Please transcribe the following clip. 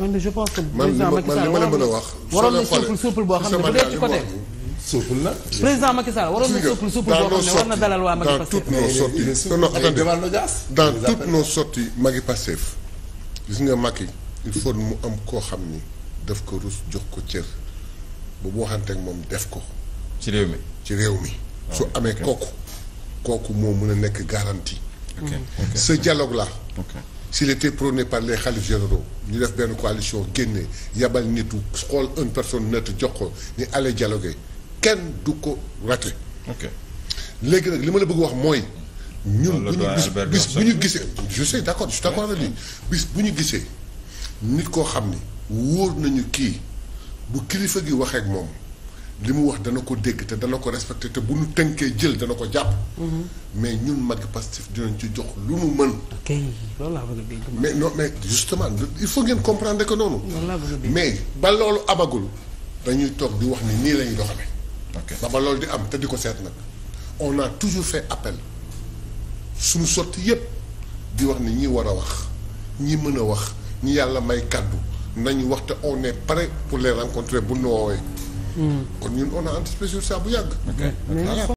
man je pense que président Macky Sall waroon na waroon na suuful suuful boo xam ne bu dee ci côté. suuful na. président Macky Sall waroon na suuful suuful boo xam ne war na dalal waa Macky Pastef. dans toutes nos sorties non attendez dans toutes nos sorties Macky Pastef gis nga Macky il faut mu am koo xam ni daf ko rus jox ko cër bu mu waxanteeg moom def ko. ci réew mi ci réew mi. Ah, su amee kooku kooku moo mën a nekk garantie. ce dialogue là. s'il était prôné par les khalifes ñu def benn coalition génne yabal nitu xool une personne neutre jox ko ni allez jaloge kenn du ko raté. ok léegi nag li ma la bëgg wax mooy. ñun bu ñu bis bis bu ñu gisee. je sais d' accord je suis bis bu ñu gisee nit koo xam ni wóor nañu kii bu kilifa gi waxee ak moom. li mu wax dana ko dégg te dana ko respecté te bu ñu tënkee jël dana ko jàpp. Mhm. mais ñun mag Pastef dinañ ci jox lu mu mën. ok loolu laa bëgg a dégg. mais non mais justement il faut ngeen comprendre que noonu. loolu a dégg mais ba loolu abagul dañuy toog di wax ni nii lañuy ñuy doxalee. ok ba ba loolu di am te di ko seet nag on a toujours fait appel suñu sotti yépp di wax ni ñi war a wax ñi mën a wax ñi yàlla may kàddu nañu wax te on est pour les rencontrer bu ñu woowee. Mm. kon ñun on a anticipé sur ça bu yàgg.